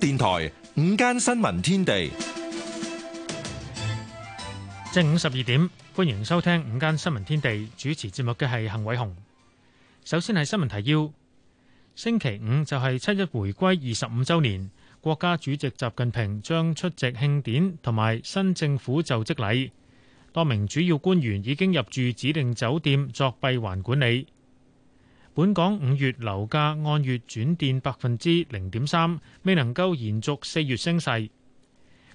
電台午間新聞天地，正午十二點，歡迎收聽午間新聞天地，主持節目嘅係幸偉雄。首先係新聞提要：星期五就係七一回歸二十五周年，國家主席習近平將出席慶典同埋新政府就職禮。多名主要官員已經入住指定酒店作閉環管理。本港五月樓價按月轉跌百分之零點三，未能夠延續四月升勢。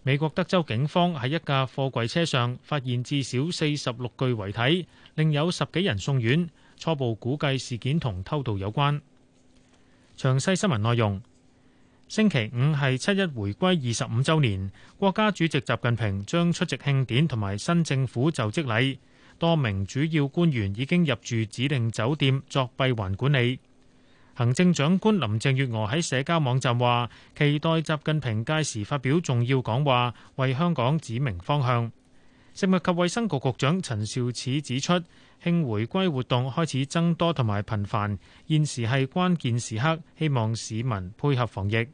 美國德州警方喺一架貨櫃車上發現至少四十六具遺體，另有十幾人送院，初步估計事件同偷渡有關。詳細新聞內容。星期五係七一回歸二十五週年，國家主席習近平將出席慶典同埋新政府就職禮。多名主要官員已經入住指定酒店作閉環管理。行政長官林鄭月娥喺社交網站話：期待習近平屆時發表重要講話，為香港指明方向。食物及衛生局局長陳肇始指出，慶回歸活動開始增多同埋頻繁，現時係關鍵時刻，希望市民配合防疫。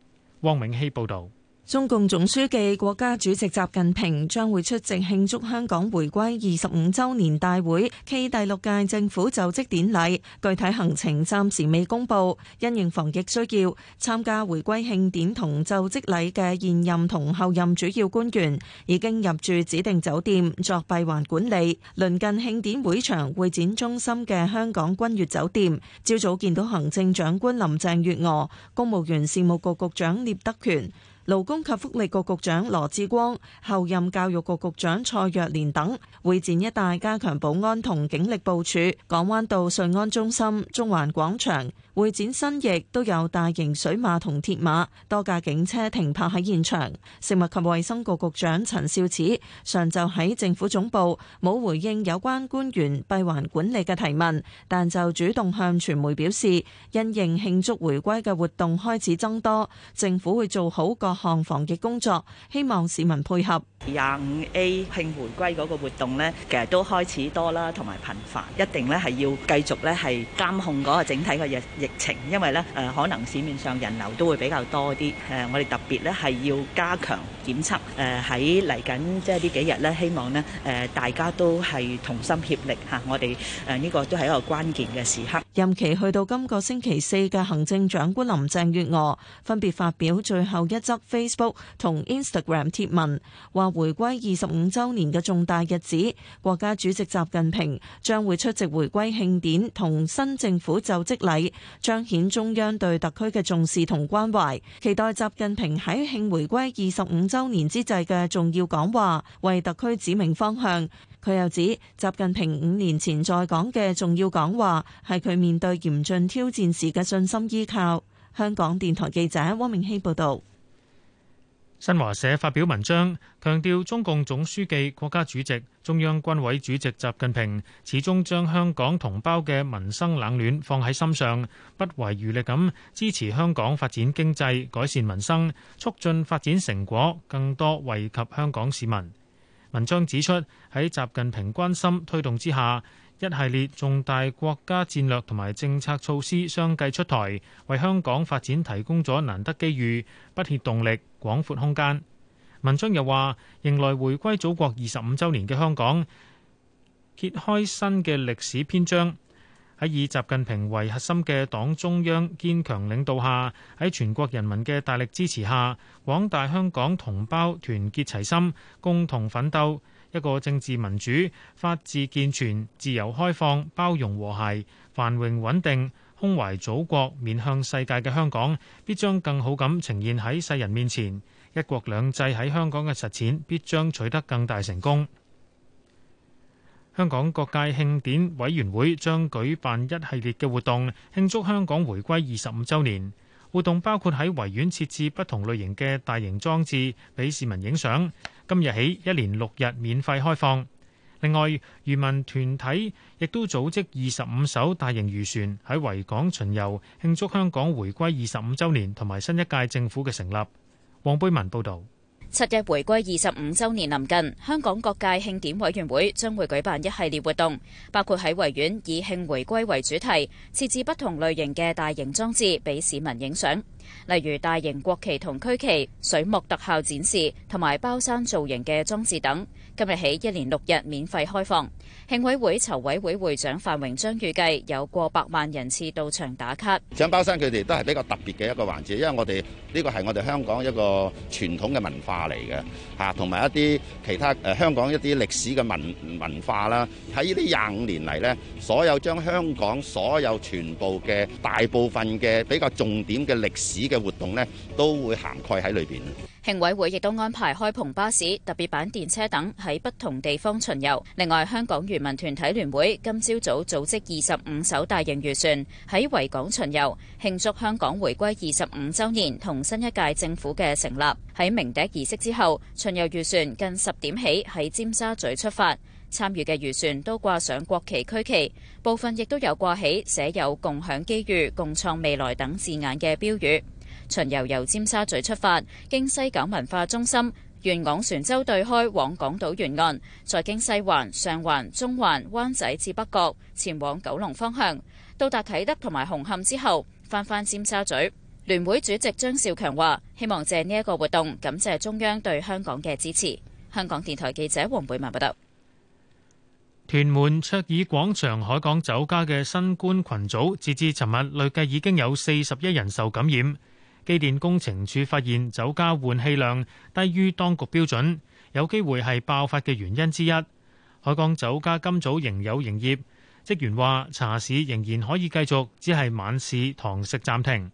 汪永熙報導。中共總書記、國家主席習近平將會出席慶祝香港回歸二十五周年大會暨第六屆政府就職典禮，具體行程暫時未公布。因應防疫需要，參加回歸慶典同就職禮嘅現任同候任主要官員已經入住指定酒店作閉環管理。鄰近慶典會場會展中心嘅香港君悦酒店，朝早見到行政長官林鄭月娥、公務員事務局局長聶德權。勞工及福利局局長羅志光、候任教育局局長蔡若蓮等會展一帶加強保安同警力部署，港灣道、瑞安中心、中環廣場。會展新翼都有大型水馬同鐵馬，多架警車停泊喺現場。食物及衛生局局長陳肇始上晝喺政府總部冇回應有關官員閉環管理嘅提問，但就主動向傳媒表示，因應慶祝回歸嘅活動開始增多，政府會做好各項防疫工作，希望市民配合。廿五 A 慶回歸嗰個活動呢，其實都開始多啦，同埋頻繁，一定呢係要繼續呢係監控嗰個整體嘅嘢。疫情，因為咧誒，可能市面上人流都會比較多啲。誒，我哋特別咧係要加強檢測。誒，喺嚟緊即係呢幾日咧，希望咧誒，大家都係同心協力嚇。我哋誒呢個都係一個關鍵嘅時刻。任期去到今個星期四嘅行政長官林鄭月娥分別發表最後一則 Facebook 同 Instagram 貼文，話回歸二十五週年嘅重大日子，國家主席習近平將會出席回歸慶典同新政府就職禮。彰顯中央對特區嘅重視同關懷，期待習近平喺慶回歸二十五周年之際嘅重要講話為特區指明方向。佢又指，習近平五年前在港嘅重要講話係佢面對嚴峻挑戰時嘅信心依靠。香港電台記者汪明熙報道。新華社發表文章強調，中共總書記、國家主席、中央軍委主席習近平始終將香港同胞嘅民生冷暖放喺心上，不遺餘力咁支持香港發展經濟、改善民生，促進發展成果更多惠及香港市民。文章指出，喺習近平關心推動之下，一系列重大國家戰略同埋政策措施相繼出台，為香港發展提供咗難得機遇、不竭動力，廣闊空間。文章又話：迎來回歸祖國二十五週年嘅香港，揭開新嘅歷史篇章。喺以習近平為核心嘅黨中央堅強領導下，喺全國人民嘅大力支持下，廣大香港同胞團結齊心，共同奮鬥。一個政治民主、法治健全、自由開放、包容和諧、繁榮穩定、胸懷祖國、面向世界嘅香港，必將更好咁呈現喺世人面前。一國兩制喺香港嘅實踐，必將取得更大成功。香港各界慶典委員會將舉辦一系列嘅活動，慶祝香港回歸二十五週年。活動包括喺維園設置不同類型嘅大型裝置俾市民影相。今日起一連六日免費開放。另外漁民團體亦都組織二十五艘大型漁船喺維港巡遊，慶祝香港回歸二十五週年同埋新一屆政府嘅成立。黃貝文報導。七日回歸二十五周年臨近，香港各界慶典委員會將會舉辦一系列活動，包括喺維園以慶回歸為主題，設置不同類型嘅大型裝置俾市民影相，例如大型國旗同區旗、水幕特效展示同埋包山造型嘅裝置等。今日起一連六日免費開放。慶委會籌委會會長范榮章預計有過百萬人次到場打卡。搶包山，佢哋都係比較特別嘅一個環節，因為我哋呢、這個係我哋香港一個傳統嘅文化嚟嘅，吓、啊，同埋一啲其他誒、呃、香港一啲歷史嘅文文化啦。喺呢啲廿五年嚟咧，所有將香港所有全部嘅大部分嘅比較重點嘅歷史嘅活動咧，都會涵蓋喺裏邊。慶委會亦都安排開篷巴士、特別版電車等喺不同地方巡遊。另外，香港娛人民團體聯會今朝早組織二十五艘大型漁船喺維港巡遊，慶祝香港回歸二十五周年同新一屆政府嘅成立。喺鳴笛儀式之後，巡遊漁船近十點起喺尖沙咀出發，參與嘅漁船都掛上國旗區旗，部分亦都有掛起寫有“共享機遇，共創未來”等字眼嘅標語。巡遊由尖沙咀出發，經西九文化中心。沿港船舟對開往港島沿岸，再經西環、上環、中環、灣仔至北角，前往九龍方向。到達啟德同埋紅磡之後，翻返尖沙咀。聯會主席張兆強話，希望借呢一個活動，感謝中央對香港嘅支持。香港電台記者黃貝文報道。屯門卓爾廣場海港酒家嘅新冠群組，截至尋日累計已經有四十一人受感染。機電工程處發現酒家換氣量低於當局標準，有機會係爆發嘅原因之一。海港酒家今早仍有營業，職員話，茶市仍然可以繼續，只係晚市堂食暫停。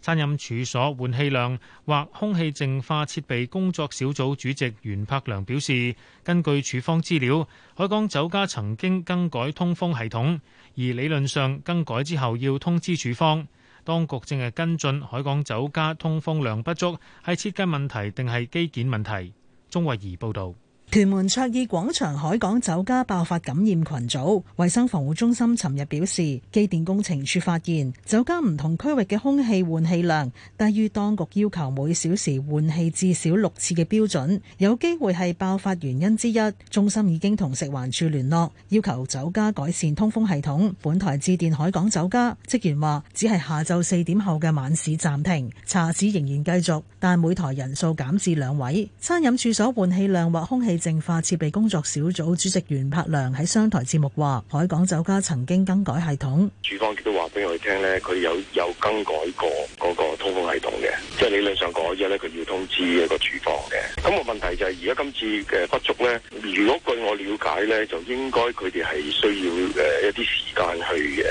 餐飲處所換氣量或空氣淨化設備工作小組主席袁柏良表示，根據處方資料，海港酒家曾經更改通風系統，而理論上更改之後要通知處方。當局正係跟進海港酒家通風量不足係設計問題定係基建問題？鍾慧儀報導。屯門卓爾廣場海港酒家爆發感染群組，衛生防護中心尋日表示，機電工程處發現酒家唔同區域嘅空氣換氣量低於當局要求每小時換氣至少六次嘅標準，有機會係爆發原因之一。中心已經同食環署聯絡，要求酒家改善通風系統。本台致電海港酒家，職員話只係下晝四點後嘅晚市暫停，茶市仍然繼續，但每台人數減至兩位。餐飲處所換氣量或空氣。淨化設備工作小組主席袁柏良喺商台節目話：海港酒家曾經更改系統，廚房亦都話俾我哋聽咧，佢有有更改過嗰個通風系統嘅，即係理論上講，一咧佢要通知一個廚房嘅。噉個問題就係而家今次嘅不足咧，如果據我了解咧，就應該佢哋係需要誒一啲時間去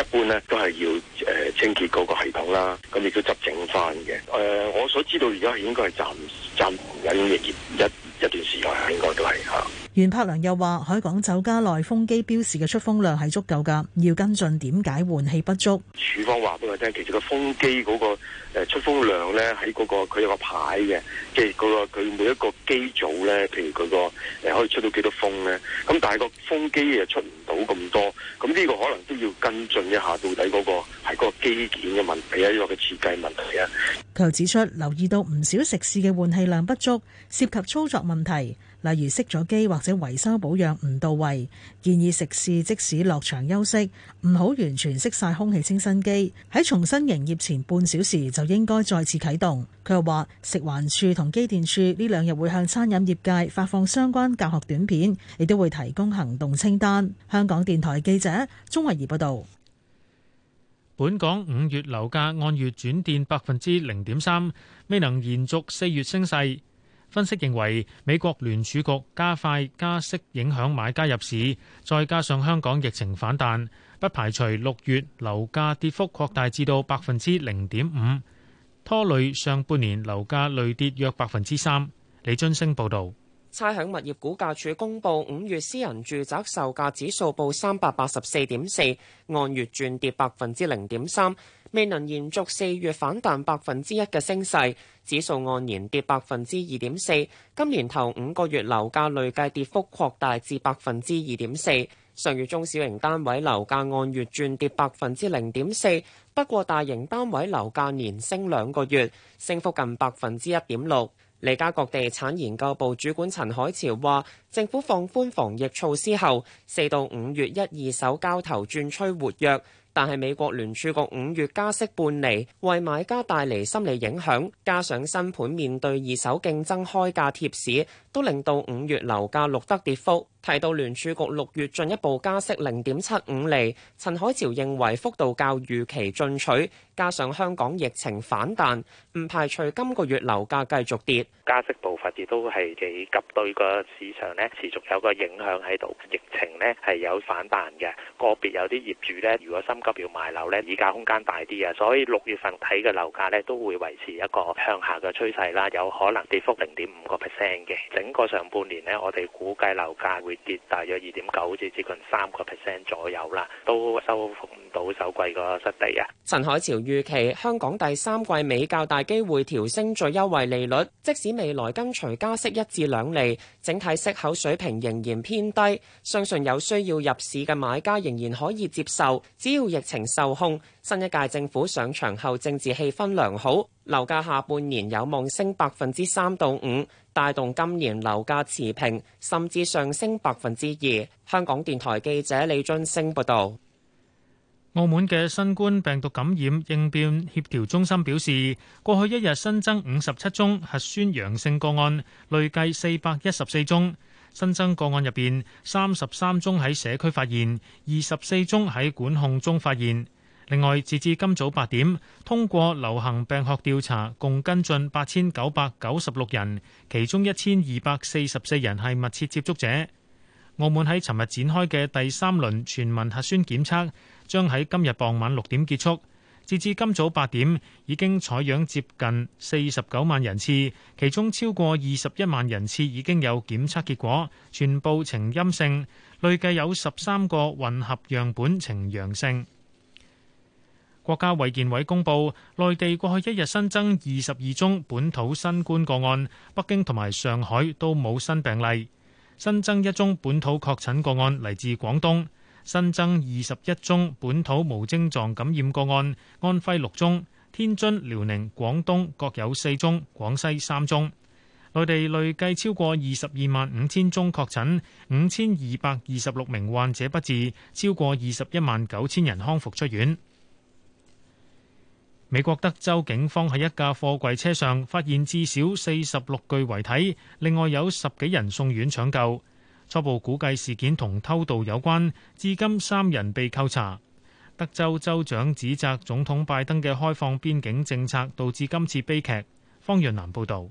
誒，一般咧都係要誒清潔嗰個系統啦，咁亦都執整翻嘅。誒、呃，我所知道而家係應該係暫暫營業一。一段時間應該都係嚇。袁柏良又話：海港酒家內風機標示嘅出風量係足夠噶，要跟進點解換氣不足？處方話俾我聽，其實個風機嗰個出風量咧喺嗰個佢有個牌嘅，即係嗰個佢每一個機組咧，譬如佢個誒可以出到幾多風咧？咁但係個風機又出唔到咁多，咁呢個可能都要跟進一下，到底嗰個係嗰個機件嘅問題啊，呢個嘅設計問題啊。佢又指出，留意到唔少食肆嘅換氣量不足，涉及操作問題。例如熄咗機或者維修保養唔到位，建議食肆即使落場休息，唔好完全熄晒空氣清新機。喺重新營業前半小時就應該再次啟動。佢又話，食環署同機電署呢兩日會向餐飲業界發放相關教學短片，亦都會提供行動清單。香港電台記者鍾慧儀報道。本港五月樓價按月轉跌百分之零點三，未能延續四月升勢。分析認為，美國聯儲局加快加息影響買家入市，再加上香港疫情反彈，不排除六月樓價跌幅擴大至到百分之零點五，拖累上半年樓價累跌約百分之三。李津升報導。差餉物業估價署公布五月私人住宅售價指數報三百八十四點四，按月轉跌百分之零點三。未能延續四月反彈百分之一嘅升勢，指數按年跌百分之二點四。今年頭五個月樓價累計跌幅擴大至百分之二點四。上月中小型單位樓價按月轉跌百分之零點四，不過大型單位樓價年升兩個月，升幅近百分之一點六。利嘉閣地產研究部主管陳海潮話，政府放寬防疫措施後，四到五月一二手交投轉趨活躍。但係美國聯儲局五月加息半釐，為買家帶嚟心理影響，加上新盤面對二手競爭，開價貼市。都令到五月樓價錄得跌幅。提到聯儲局六月進一步加息零點七五厘，陳海潮認為幅度較預期進取，加上香港疫情反彈，唔排除今個月樓價繼續跌。加息步伐亦都係幾急，對個市場呢持續有個影響喺度。疫情呢係有反彈嘅，個別有啲業主呢，如果心急要賣樓呢，議價空間大啲啊。所以六月份睇嘅樓價呢，都會維持一個向下嘅趨勢啦，有可能跌幅零點五個 percent 嘅。整個上半年咧，我哋估計樓價會跌大約二點九至接近三個 percent 左右啦，都收復唔到首季個失地啊！陳海潮預期香港第三季尾較大機會調升最優惠利率，即使未來跟隨加息一至兩釐，整體息口水平仍然偏低。相信有需要入市嘅買家仍然可以接受，只要疫情受控，新一屆政府上場後政治氣氛良好。樓價下半年有望升百分之三到五，帶動今年樓價持平甚至上升百分之二。香港電台記者李俊升報導。澳門嘅新冠病毒感染應變協調中心表示，過去一日新增五十七宗核酸陽性個案，累計四百一十四宗。新增個案入面，三十三宗喺社區發現，二十四宗喺管控中發現。另外，截至今早八點，通過流行病學調查，共跟進八千九百九十六人，其中一千二百四十四人係密切接觸者。澳門喺尋日展開嘅第三輪全民核酸檢測將喺今日傍晚六點結束。截至今早八點，已經採樣接近四十九萬人次，其中超過二十一萬人次已經有檢測結果，全部呈陰性，累計有十三個混合樣本呈陽性。國家衛健委公佈，內地過去一日新增二十二宗本土新冠個案，北京同埋上海都冇新病例，新增一宗本土確診個案嚟自廣東，新增二十一宗本土無症狀感染個案，安徽六宗，天津、遼寧、廣東各有四宗，廣西三宗。內地累計超過二十二萬五千宗確診，五千二百二十六名患者不治，超過二十一萬九千人康復出院。美國德州警方喺一架貨櫃車上發現至少四十六具遺體，另外有十幾人送院搶救。初步估計事件同偷渡有關，至今三人被扣查。德州州長指責總統拜登嘅開放邊境政策導致今次悲劇。方潤南報道：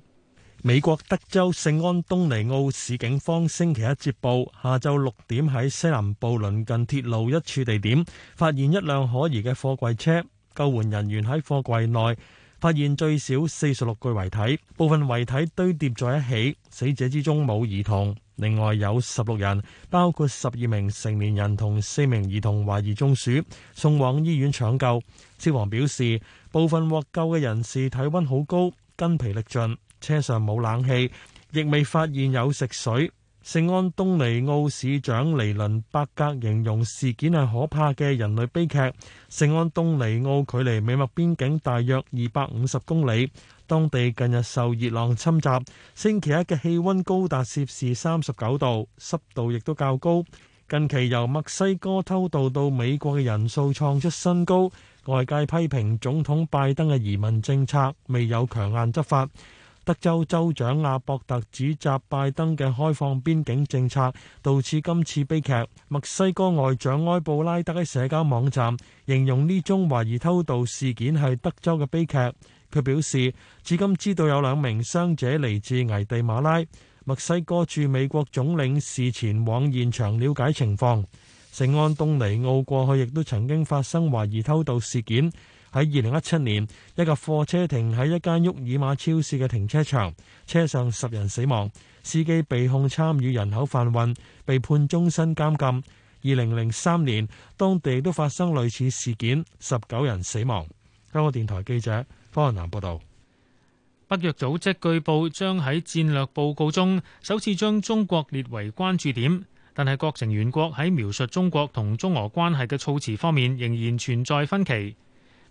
美國德州聖安東尼奧市警方星期一接報，下晝六點喺西南部鄰近鐵路一處地點，發現一輛可疑嘅貨櫃車。救援人員喺貨櫃內發現最少四十六具遺體，部分遺體堆疊在一起，死者之中冇兒童。另外有十六人，包括十二名成年人同四名兒童，懷疑中暑，送往醫院搶救。消防表示，部分獲救嘅人士體溫好高，筋疲力盡，車上冇冷氣，亦未發現有食水。聖安東尼奧市長尼倫伯格形容事件係可怕嘅人類悲劇。聖安東尼奧距離美墨邊境大約二百五十公里，當地近日受熱浪侵襲，星期一嘅氣溫高達攝氏三十九度，濕度亦都較高。近期由墨西哥偷渡到美國嘅人數創出新高，外界批評總統拜登嘅移民政策未有強硬執法。德州州長阿伯特指責拜登嘅開放邊境政策導致今次悲劇。墨西哥外長埃布拉德喺社交網站形容呢宗懷疑偷渡事件係德州嘅悲劇，佢表示，至今知道有兩名傷者嚟自危地馬拉。墨西哥駐美國總領事前往現場了解情況。聖安東尼奧過去亦都曾經發生懷疑偷渡事件。喺二零一七年，一架貨車停喺一間沃爾瑪超市嘅停車場，車上十人死亡，司機被控參與人口販運，被判終身監禁。二零零三年，當地都發生類似事件，十九人死亡。香港電台記者方雲南報道。北約組織據報將喺戰略報告中首次將中國列為關注點，但係各成員國喺描述中國同中俄關係嘅措辭方面仍然存在分歧。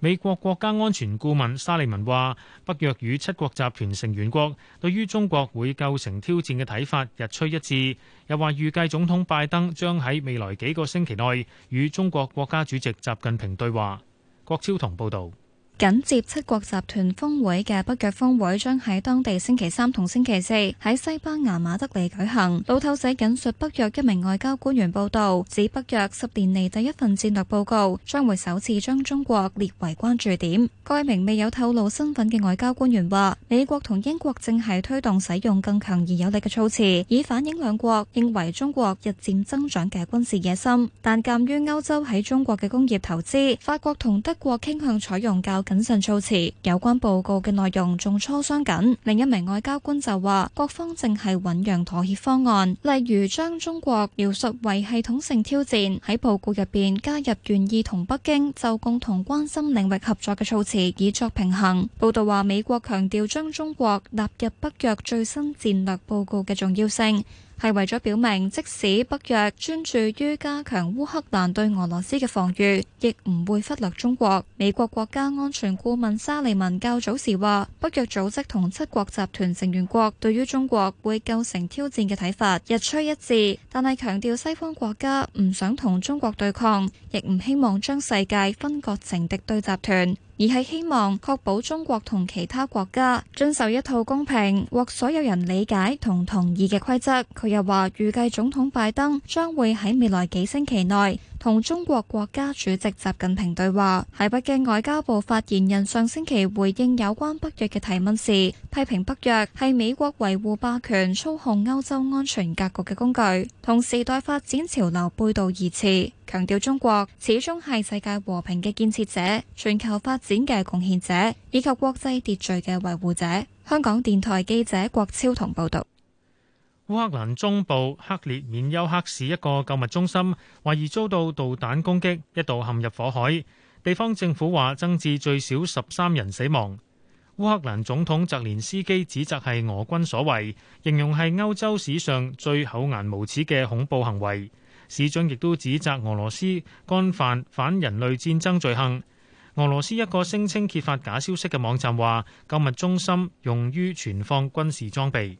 美國國家安全顧問沙利文話：北約與七國集團成員國對於中國會構成挑戰嘅睇法日趨一致。又話預計總統拜登將喺未來幾個星期內與中國國家主席習近平對話。郭超同報道。緊接七國集團峰會嘅北約峰會將喺當地星期三同星期四喺西班牙馬德里舉行。路透社引述北約一名外交官員報道，指北約十年嚟第一份戰略報告將會首次將中國列為關注點。該名未有透露身份嘅外交官員話，美國同英國正係推動使用更強而有力嘅措辭，以反映兩國認為中國日漸增長嘅軍事野心。但鑒於歐洲喺中國嘅工業投資，法國同德國傾向採用較謹慎措辭，有關報告嘅內容仲磋商緊。另一名外交官就話，各方正係醞釀妥協方案，例如將中國描述為系統性挑戰，喺報告入邊加入願意同北京就共同關心領域合作嘅措辭，以作平衡。報道話，美國強調將中國納入北約最新戰略報告嘅重要性。係為咗表明，即使北約專注於加強烏克蘭對俄羅斯嘅防禦，亦唔會忽略中國。美國國家安全顧問沙利文較早時話，北約組織同七國集團成員國對於中國會構成挑戰嘅睇法日趨一致，但係強調西方國家唔想同中國對抗，亦唔希望將世界分割成敵對集團。而係希望確保中國同其他國家遵守一套公平獲所有人理解同同意嘅規則。佢又話預計總統拜登將會喺未來幾星期內同中國國家主席習近平對話，喺北京外交部發言人上星期回應有關北約嘅提問時，批評北約係美國維護霸權、操控歐洲安全格局嘅工具，同時代發展潮流背道而馳，強調中國始終係世界和平嘅建設者、全球發展嘅貢獻者以及國際秩序嘅維護者。香港電台記者郭超同報道。烏克蘭中部克列緬丘克市一個購物中心懷疑遭到導彈攻擊，一度陷入火海。地方政府話增至最少十三人死亡。烏克蘭總統澤連斯基指責係俄軍所為，形容係歐洲史上最厚顏無恥嘅恐怖行為。市長亦都指責俄羅斯幹犯反人類戰爭罪行。俄羅斯一個聲稱揭發假消息嘅網站話，購物中心用於存放軍事裝備。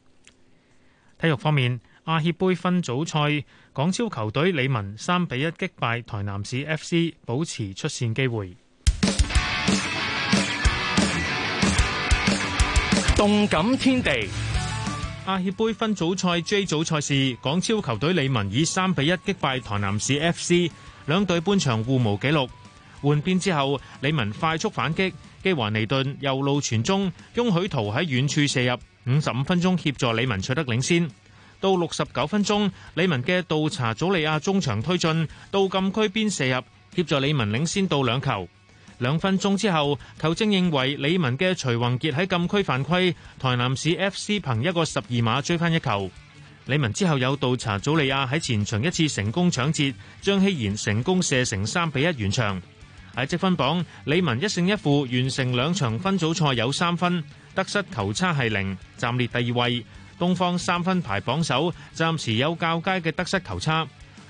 體育方面，亞協盃分組賽，港超球隊李文三比一擊敗台南市 FC，保持出線機會。動感天地，亞協盃分組賽 J 組賽事，港超球隊李文以三比一擊敗台南市 FC，兩隊半場互無紀錄。換邊之後，李文快速反擊，基華尼頓右路傳中，雍許圖喺遠處射入，五十五分鐘協助李文取得領先，到六十九分鐘，李文嘅倒查祖利亞中場推進到禁區邊射入，協助李文領先到兩球。兩分鐘之後，球證認為李文嘅徐宏傑喺禁區犯規，台南市 F.C. 憑一個十二碼追翻一球。李文之後有倒查祖利亞喺前場一次成功搶截，張希賢成功射成三比一完場。喺積分榜，李文一勝一負，完成兩場分組賽有三分。得失球差係零，暫列第二位。東方三分排榜首，暫時有較佳嘅得失球差。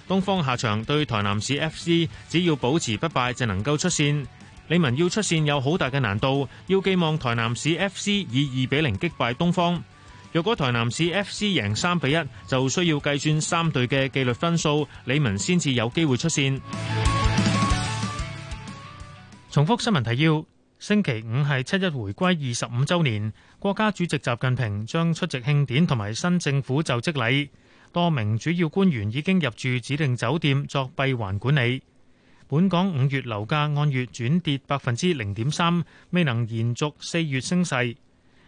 東方下場對台南市 F C，只要保持不敗就能夠出線。李文要出線有好大嘅難度，要寄望台南市 F C 以二比零擊敗東方。若果台南市 F C 贏三比一，就需要計算三隊嘅紀律分數，李文先至有機會出線。重複新聞提要。星期五係七一回歸二十五週年，國家主席習近平將出席慶典同埋新政府就職禮。多名主要官員已經入住指定酒店作閉環管理。本港五月樓價按月轉跌百分之零點三，未能延續四月升勢。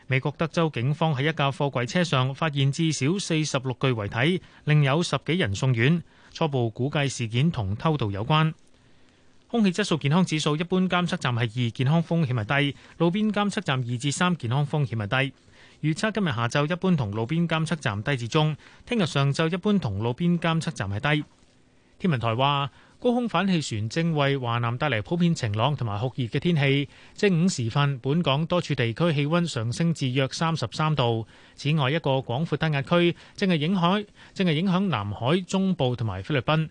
美國德州警方喺一架貨櫃車上發現至少四十六具遺體，另有十幾人送院，初步估計事件同偷渡有關。空氣質素健康指數一般監測站係二，健康風險係低；路邊監測站二至三，健康風險係低。預測今日下晝一般同路邊監測站低至中，聽日上晝一般同路邊監測站係低。天文台話，高空反氣旋正為華南帶嚟普遍晴朗同埋酷熱嘅天氣。正午時分，本港多處地區氣溫上升至約三十三度。此外，一個廣闊低壓區正係影響正係影響南海中部同埋菲律賓。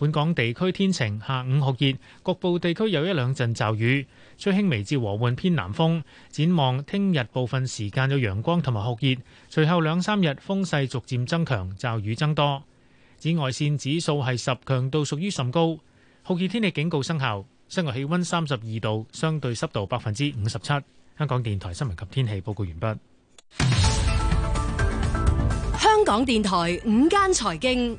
本港地區天晴，下午酷熱，局部地區有一兩陣驟雨，吹輕微至和緩偏南風。展望聽日部分時間有陽光同埋酷熱，隨後兩三日風勢逐漸增強，驟雨增多。紫外線指數係十，強度屬於甚高。酷熱天氣警告生效。室外氣溫三十二度，相對濕度百分之五十七。香港電台新聞及天氣報告完畢。香港電台午間財經。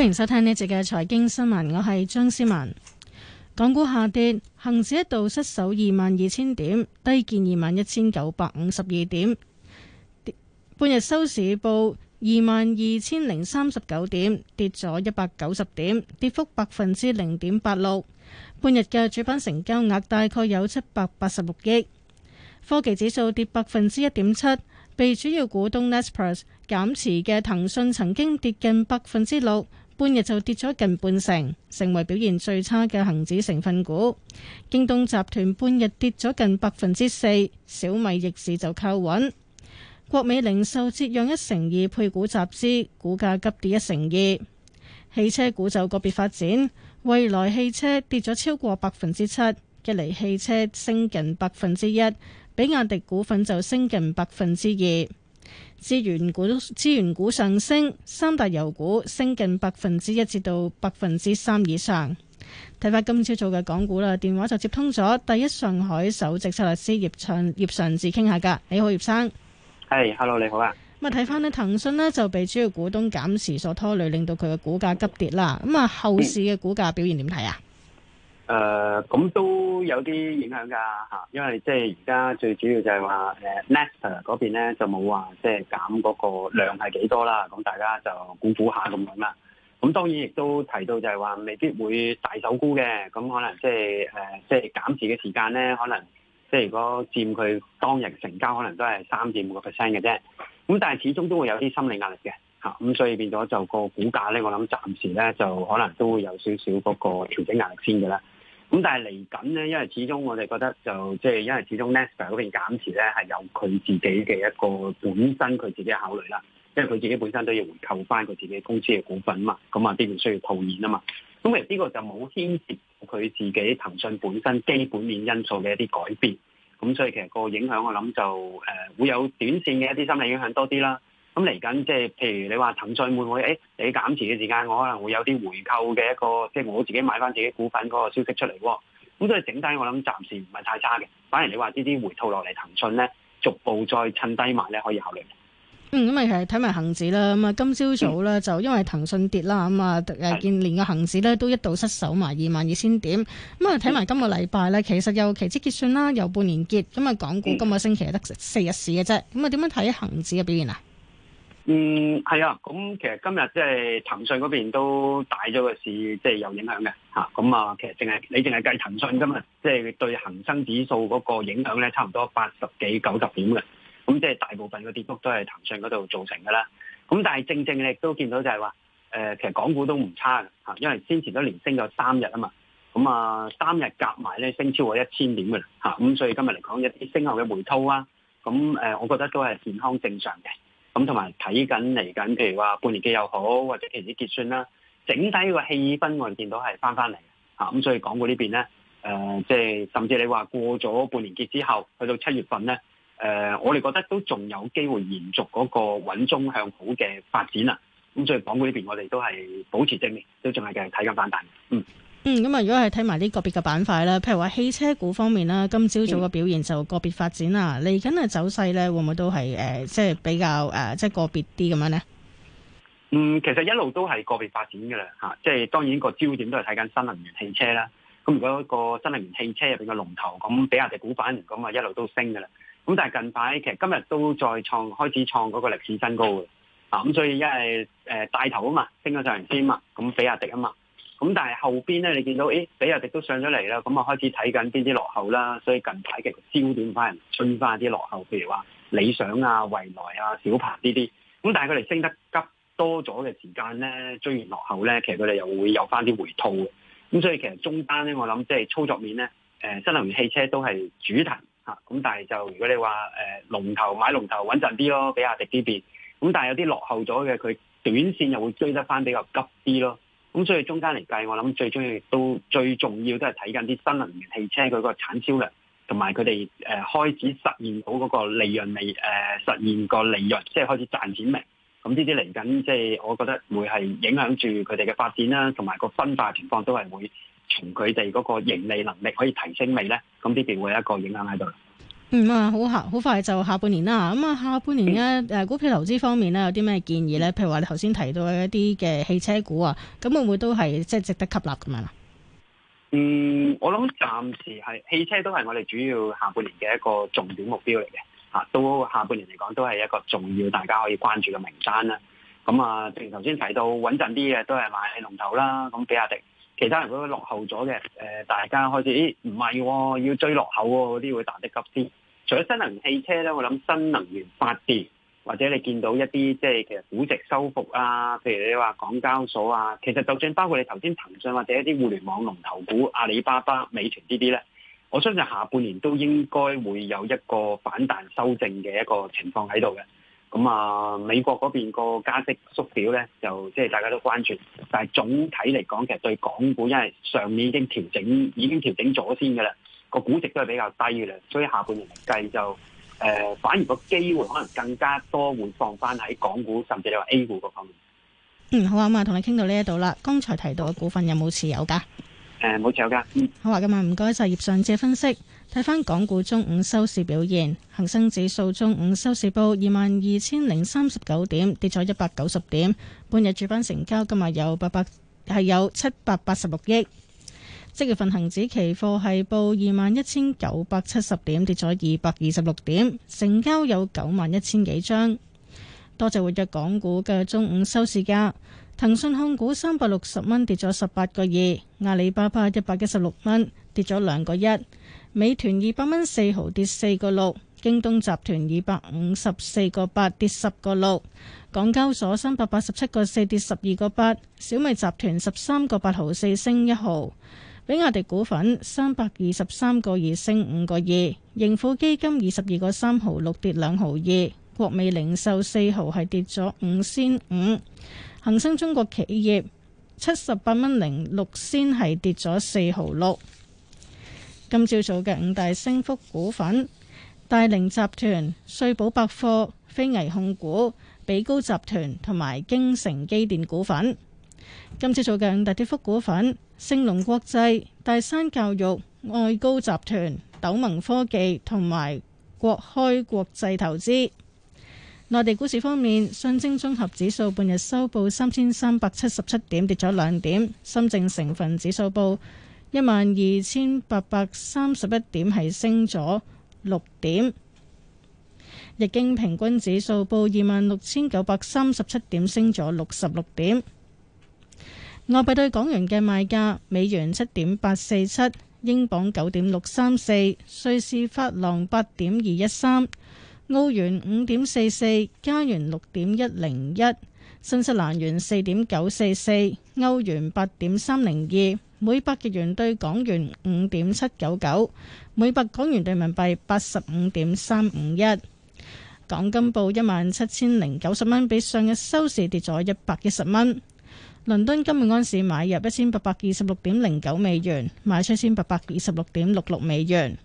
歡迎收聽呢一節嘅財經新聞，我係張思文。港股下跌，恒指一度失守二萬二千點，低見二萬一千九百五十二點。半日收市報二萬二千零三十九點，跌咗一百九十點，跌幅百分之零點八六。半日嘅主板成交額大概有七百八十六億。科技指數跌百分之一點七，被主要股東 Naspers 減持嘅騰訊曾經跌近百分之六。半日就跌咗近半成，成為表現最差嘅恒指成分股。京東集團半日跌咗近百分之四，小米逆市就靠穩。國美零售折讓一成二配股集資，股價急跌一成二。汽車股就個別發展，蔚來汽車跌咗超過百分之七，吉利汽車升近百分之一，比亞迪股份就升近百分之二。資源股資源股上升，三大油股升近百分之一至到百分之三以上。睇返今朝早嘅港股啦，電話就接通咗，第一上海首席策略師葉尚志葉尚志傾下㗎，你好葉生，係、hey,，hello 你好啊。咁啊，睇返呢騰訊呢，就被主要股東減持所拖累，令到佢嘅股價急跌啦。咁啊，後市嘅股價表現點睇啊？ 誒咁、呃、都有啲影響㗎嚇，因為即係而家最主要就係話誒 Nestle 嗰邊咧就冇話即係減嗰個量係幾多啦，咁大家就估估下咁樣啦。咁當然亦都提到就係話未必會大手沽嘅，咁可能即係誒即係減持嘅時間咧，可能即係如果佔佢當日成交可能都係三至五個 percent 嘅啫。咁但係始終都會有啲心理壓力嘅嚇，咁、啊、所以變咗就個股價咧，我諗暫時咧就可能都會有少少嗰個調整壓力先㗎啦。咁但係嚟緊咧，因為始終我哋覺得就即係，因為始終 Naspers 嗰邊減持咧，係有佢自己嘅一個本身佢自己考慮啦，因為佢自己本身都要回購翻佢自己公司嘅股份嘛，咁啊邊邊需要套現啊嘛，咁其實呢個就冇牽涉佢自己騰訊本身基本面因素嘅一啲改變，咁所以其實個影響我諗就誒、呃、會有短線嘅一啲心理影響多啲啦。咁嚟緊，即係譬如你話騰訊會唔會？誒，你減持嘅時間，我可能會有啲回購嘅一個，即係我自己買翻自己股份嗰個消息出嚟。咁所以整體我諗暫時唔係太差嘅，反而你話呢啲回吐落嚟，騰訊咧逐步再趁低買咧，可以考慮。嗯，咁咪係睇埋恒指啦。咁啊，今朝早咧就因為騰訊跌啦，咁啊誒見連個恒指咧都一度失守埋二萬二千點。咁啊，睇埋今個禮拜咧，其實又期指結算啦，又半年結咁啊，港股今個星期得四日市嘅啫。咁啊，點樣睇恒指嘅表現啊？嗯，係啊，咁、嗯、其實今日即係騰訊嗰邊都大咗個市，即、就、係、是、有影響嘅吓。咁啊，其實淨係你淨係計騰訊今日，即、就、係、是、對恒生指數嗰個影響咧，差唔多八十幾、九十點嘅。咁即係大部分嘅跌幅都係騰訊嗰度造成噶啦。咁、啊、但係正正亦都見到就係話，誒、呃，其實港股都唔差嘅吓、啊，因為先前都連升咗三日啊嘛。咁啊，三日夾埋咧，升超過一千點噶啦吓。咁、啊、所以今日嚟講一啲升後嘅回吐啊，咁、啊、誒，我覺得都係健康正常嘅。咁同埋睇緊嚟緊，譬如話半年結又好，或者期指結算啦，整體個氣氛我見到係翻翻嚟嚇，咁、啊、所以港股呢邊咧，誒、呃、即係甚至你話過咗半年結之後，去到七月份咧，誒、呃、我哋覺得都仲有機會延續嗰個穩中向好嘅發展啊！咁所以港股呢邊我哋都係保持正面，都仲係繼續睇緊反彈，嗯。嗯，咁啊，如果係睇埋啲個別嘅板塊啦，譬如話汽車股方面啦，今朝早嘅表現就個別發展啦，嚟緊嘅走勢咧，會唔會都係誒、呃，即係比較誒、呃，即係個別啲咁樣咧？嗯，其實一路都係個別發展噶啦吓，即係當然個焦點都係睇緊新能源汽車啦。咁如果個新能源汽車入邊嘅龍頭，咁比亞迪股板嚟講啊，一路都升噶啦。咁但係近排其實今日都再創開始創嗰個歷史新高嘅啊，咁所以一係誒帶頭啊嘛，升咗上嚟先嘛，咁比亞迪啊嘛。咁但係後邊咧，你見到，誒，比亞迪都上咗嚟啦，咁、嗯、啊開始睇緊邊啲落後啦，所以近排其實焦點翻嚟，追翻啲落後，譬如話理想啊、蔚來啊、小鵬呢啲。咁、嗯、但係佢哋升得急多咗嘅時間咧，追完落後咧，其實佢哋又會有翻啲回吐嘅。咁、嗯、所以其實中間咧，我諗即係操作面咧，誒、呃、新能源汽車都係主題嚇。咁、啊、但係就如果你話誒、呃、龍頭買龍頭穩陣啲咯，比亞迪呢邊。咁、嗯、但係有啲落後咗嘅，佢短線又會追得翻比較急啲咯。咁所以中間嚟計，我諗最重要都最重要都係睇緊啲新能源汽車佢個產銷量，同埋佢哋誒開始實現到嗰個利潤未？誒、呃、實現個利潤，即係開始賺錢未？咁呢啲嚟緊，即係我覺得會係影響住佢哋嘅發展啦，同埋個分化情況都係會從佢哋嗰個盈利能力可以提升未咧？咁呢邊會有一個影響喺度。嗯啊,好下好快就下半年啦。咁、嗯、啊，下半年咧，誒、啊，股票投資方面咧，有啲咩建議咧？譬如話你頭先提到嘅一啲嘅汽車股啊，咁會唔會都係即係值得吸納咁樣咧？嗯，我諗暫時係汽車都係我哋主要下半年嘅一個重點目標嚟嘅。吓、啊，都下半年嚟講都係一個重要大家可以關注嘅名單啦。咁啊，正如頭先提到穩陣啲嘅都係買起龍頭啦。咁比亞迪，其他人如果落後咗嘅，誒，大家開始唔係、哦、要追落後嗰啲會彈得急啲。除咗新能源汽車咧，我諗新能源發電，或者你見到一啲即係其實估值收復啊，譬如你話港交所啊，其實就算包括你頭先騰訊或者一啲互聯網龍頭股阿里巴巴、美團呢啲咧，我相信下半年都應該會有一個反彈修正嘅一個情況喺度嘅。咁、嗯、啊、嗯，美國嗰邊個加息縮表咧，就即係大家都關注，但係總體嚟講，其實對港股因為上面已經調整已經調整咗先㗎啦。個估值都係比較低嘅啦，所以下半年嚟計就誒、呃，反而個機會可能更加多，會放翻喺港股，甚至係話 A 股嗰方面。嗯，好啊咁啊，同你傾到呢一度啦。剛才提到嘅股份有冇持有噶？誒、呃，冇持有噶。嗯、好啊，今日唔該晒葉尚志分析。睇翻港股中午收市表現，恒生指數中午收市報二萬二千零三十九點，跌咗一百九十點。半日主板成交今日有八百，係有七百八十六億。即月份恒指期貨係報二萬一千九百七十點，跌咗二百二十六點，成交有九萬一千幾張。多隻活躍港股嘅中午收市價，騰訊控股三百六十蚊，跌咗十八個二；阿里巴巴一百一十六蚊，跌咗兩個一；美團二百蚊四毫，跌四個六；京東集團二百五十四個八，跌十個六；港交所三百八十七個四，跌十二個八；小米集團十三個八毫四，升一毫。比亞迪股份三百二十三個二，升五個二，盈富基金二十二個三毫六，跌兩毫二，國美零售四毫係跌咗五仙五，恒生中國企業七十八蚊零六仙係跌咗四毫六。今朝早嘅五大升幅股份：大寧集團、歲寶百貨、飛威控股、比高集團同埋京城機電股份。今朝早嘅五大跌幅股份。盛隆國際、大山教育、愛高集團、斗盟科技同埋國開國際投資。內地股市方面，上證綜合指數半日收報三千三百七十七點，跌咗兩點；深證成分指數報一萬二千八百三十一點，係升咗六點；日經平均指數報二萬六千九百三十七點，升咗六十六點。外幣對港元嘅賣價：美元七點八四七，英鎊九點六三四，瑞士法郎八點二一三，澳元五點四四，加元六點一零一，新西蘭元四點九四四，歐元八點三零二，每百日元對港元五點七九九，每百港元對人民幣八十五點三五一。港金報一萬七千零九十蚊，比上日收市跌咗一百一十蚊。倫敦金今日安市買入一千八百二十六點零九美元，賣出一千八百二十六點六六美元。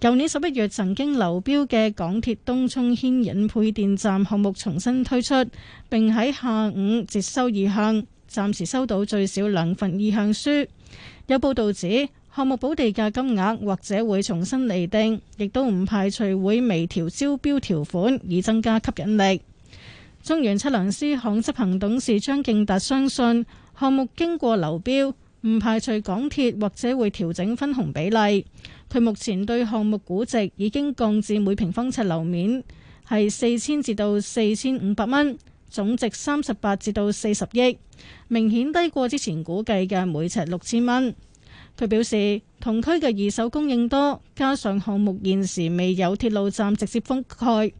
舊年十一月曾經流標嘅港鐵東涌牽引配電站項目重新推出，並喺下午接收意向，暫時收到最少兩份意向書。有報道指，項目補地價金額或者會重新厘定，亦都唔排除會微調招標條款以增加吸引力。中原測量師行執行董事張敬達相信項目經過流標，唔排除港鐵或者會調整分紅比例。佢目前對項目估值已經降至每平方尺樓面係四千至到四千五百蚊，總值三十八至到四十億，明顯低過之前估計嘅每尺六千蚊。佢表示，同區嘅二手供應多，加上項目現時未有鐵路站直接覆蓋。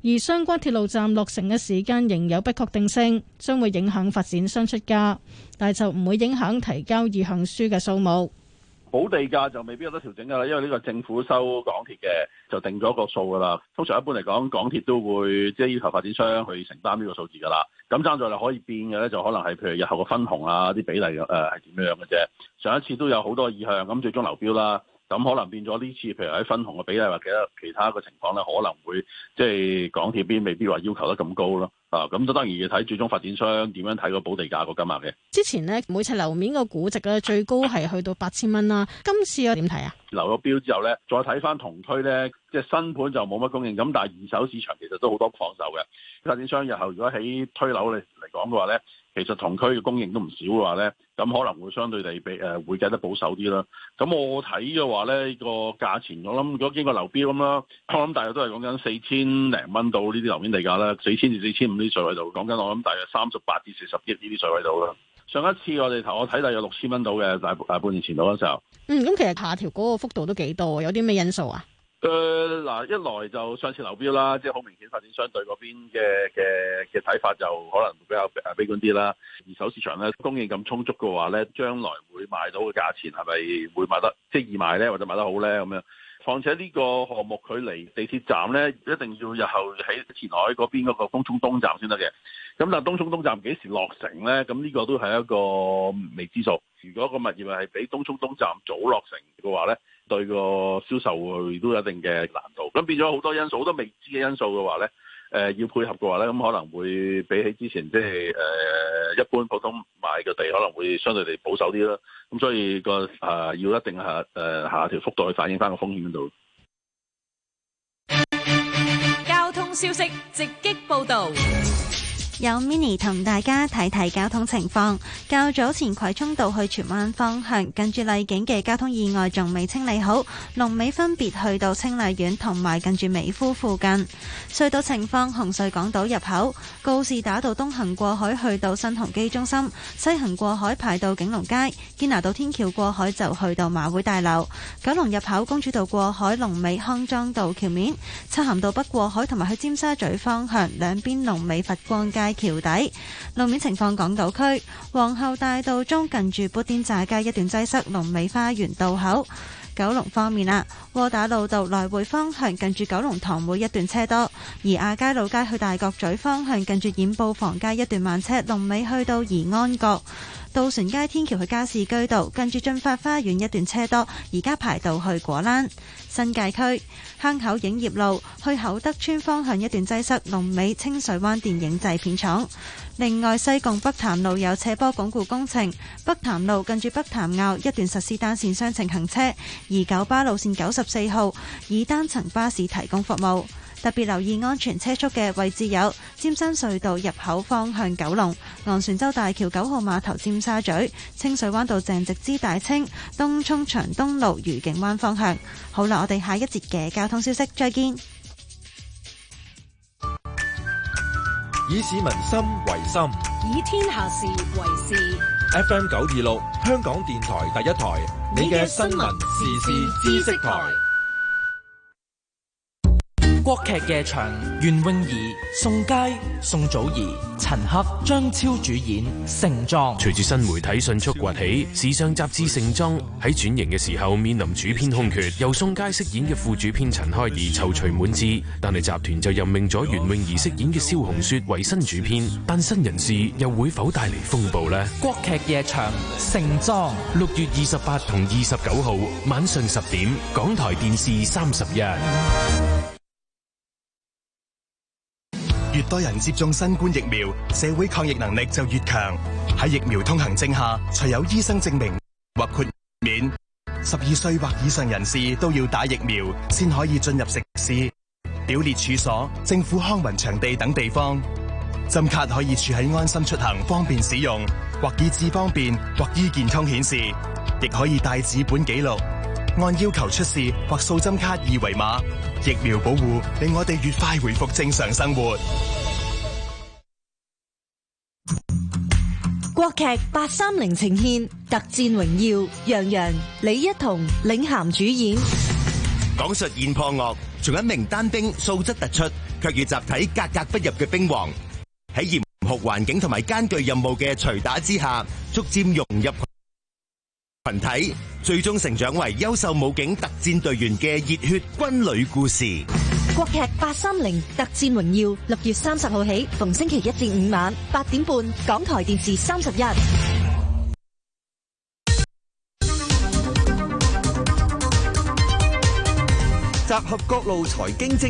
而相關鐵路站落成嘅時間仍有不確定性，將會影響發展商出價，但係就唔會影響提交意向書嘅數目。補地價就未必有得調整㗎啦，因為呢個政府收港鐵嘅就定咗個數㗎啦。通常一般嚟講，港鐵都會即係要求發展商去承擔呢個數字㗎啦。咁爭在就可以變嘅咧，就可能係譬如日後嘅分紅啊，啲比例誒係點樣嘅啫。上一次都有好多意向咁，最終流標啦。咁可能變咗呢次，譬如喺分紅嘅比例或者其他其他嘅情況咧，可能會即係港鐵邊未必話要求得咁高咯。啊，咁都當然要睇最終發展商點樣睇個補地價個金額嘅。之前咧，每尺樓面個估值咧，最高係去到八千蚊啦，今次我點睇啊？留咗標之後咧，再睇翻同推咧，即係新盤就冇乜供應，咁但係二手市場其實都好多放售嘅發展商，日後如果喺推樓嚟嚟講嘅話咧。其實同區嘅供應都唔少嘅話咧，咁可能會相對地比誒、呃、會計得保守啲啦。咁我睇嘅話咧，個價錢我諗如果經過流標咁啦，我諗大約都係講緊四千零蚊到呢啲樓面地價啦，四千至四千五呢啲水位度。講緊我諗大約三十八至四十億呢啲水位度啦。上一次我哋投我睇大約六千蚊到嘅，大大半年前到嗰時候。嗯，嗯，咁其實下調嗰個幅度都幾多，有啲咩因素啊？誒，嗱、呃，一來就上次流標啦，即係好明顯，發展商對嗰邊嘅嘅嘅睇法就可能會比較誒悲觀啲啦。二手市場咧，供應咁充足嘅話咧，將來會賣到嘅價錢係咪會賣得即係易賣咧，或者賣得好咧咁樣？況且呢個項目佢離地鐵站咧，一定要日後喺前海嗰邊嗰個東涌東站先得嘅。咁但係東涌東站幾時落成咧？咁呢個都係一個未知數。如果個物業係比東涌東站早落成嘅話咧？對個銷售會都有一定嘅難度，咁變咗好多因素，好多未知嘅因素嘅話咧，誒、呃、要配合嘅話咧，咁、嗯、可能會比起之前即係誒一般普通買嘅地，可能會相對地保守啲咯。咁、嗯、所以個啊、呃、要一定係誒、呃、下調幅度去反映翻個風險度。交通消息直擊報導。有 mini 同大家睇睇交通情況，較早前葵涌道去荃灣方向，近住荔景嘅交通意外仲未清理好。龍尾分別去到清麗苑同埋近住美孚附近。隧道情況：紅隧港島入口、告士打道東行過海去到新鴻基中心，西行過海排到景隆街。堅拿道天橋過海就去到馬會大樓。九龍入口公主道過海龍尾康莊道橋面，漆咸道北過海同埋去尖沙咀方向兩邊龍尾佛光街。橋底路面情況，港島區皇后大道中近住砵甸乍街一段擠塞，龍尾花園道口。九龍方面啦，窩打老道來回方向近住九龍塘會一段車多，而亞皆老街去大角咀方向近住染布房街一段慢車，龍尾去到怡安閣。渡船街天橋去加士居道，近住駿發花園一段車多，而家排到去果欄。新界區坑口影業路去厚德村方向一段擠塞，龍尾清水灣電影製片廠。另外，西貢北潭路有斜坡鞏固工程，北潭路近住北潭坳一段實施單線雙程行車，而九巴路線九十四號以單層巴士提供服務。特別留意安全車速嘅位置有：尖山隧道入口方向、九龍昂船洲大橋、九號碼頭、尖沙咀清水灣道正直之大清、東涌長東路愉景灣方向。好啦，我哋下一節嘅交通消息，再見。以市民心為心，以天下事為事。F M 九二六，香港電台第一台，你嘅新聞時事知識台。國劇夜場，袁詠儀、宋佳、宋祖兒、陳赫、張超主演《盛裝》。隨住新媒體迅速崛起，時尚雜誌《盛裝》喺轉型嘅時候面臨主編空缺，由宋佳飾演嘅副主編陳開怡躊躇滿志，但係集團就任命咗袁詠儀飾演嘅蕭紅雪為新主編，但新人士又會否帶嚟風暴呢？國劇夜場，《盛裝》六月二十八同二十九號晚上十點，港台電視三十一。越多人接種新冠疫苗，社會抗疫能力就越強。喺疫苗通行證下，除有醫生證明或豁免，十二歲或以上人士都要打疫苗，先可以進入食肆、表列處所、政府康文場地等地方。針卡可以儲喺安心出行方便使用，或以智方便，或醫健通顯示，亦可以帶紙本記錄。按要求出示或數針卡二維碼，疫苗保護令我哋越快恢復正常生活。國劇群體最終成長為優秀武警特戰隊員嘅熱血軍旅故事。國劇《八三零特戰榮耀》六月三十號起，逢星期一至五晚八點半，港台電視三十一。集合各路財經精。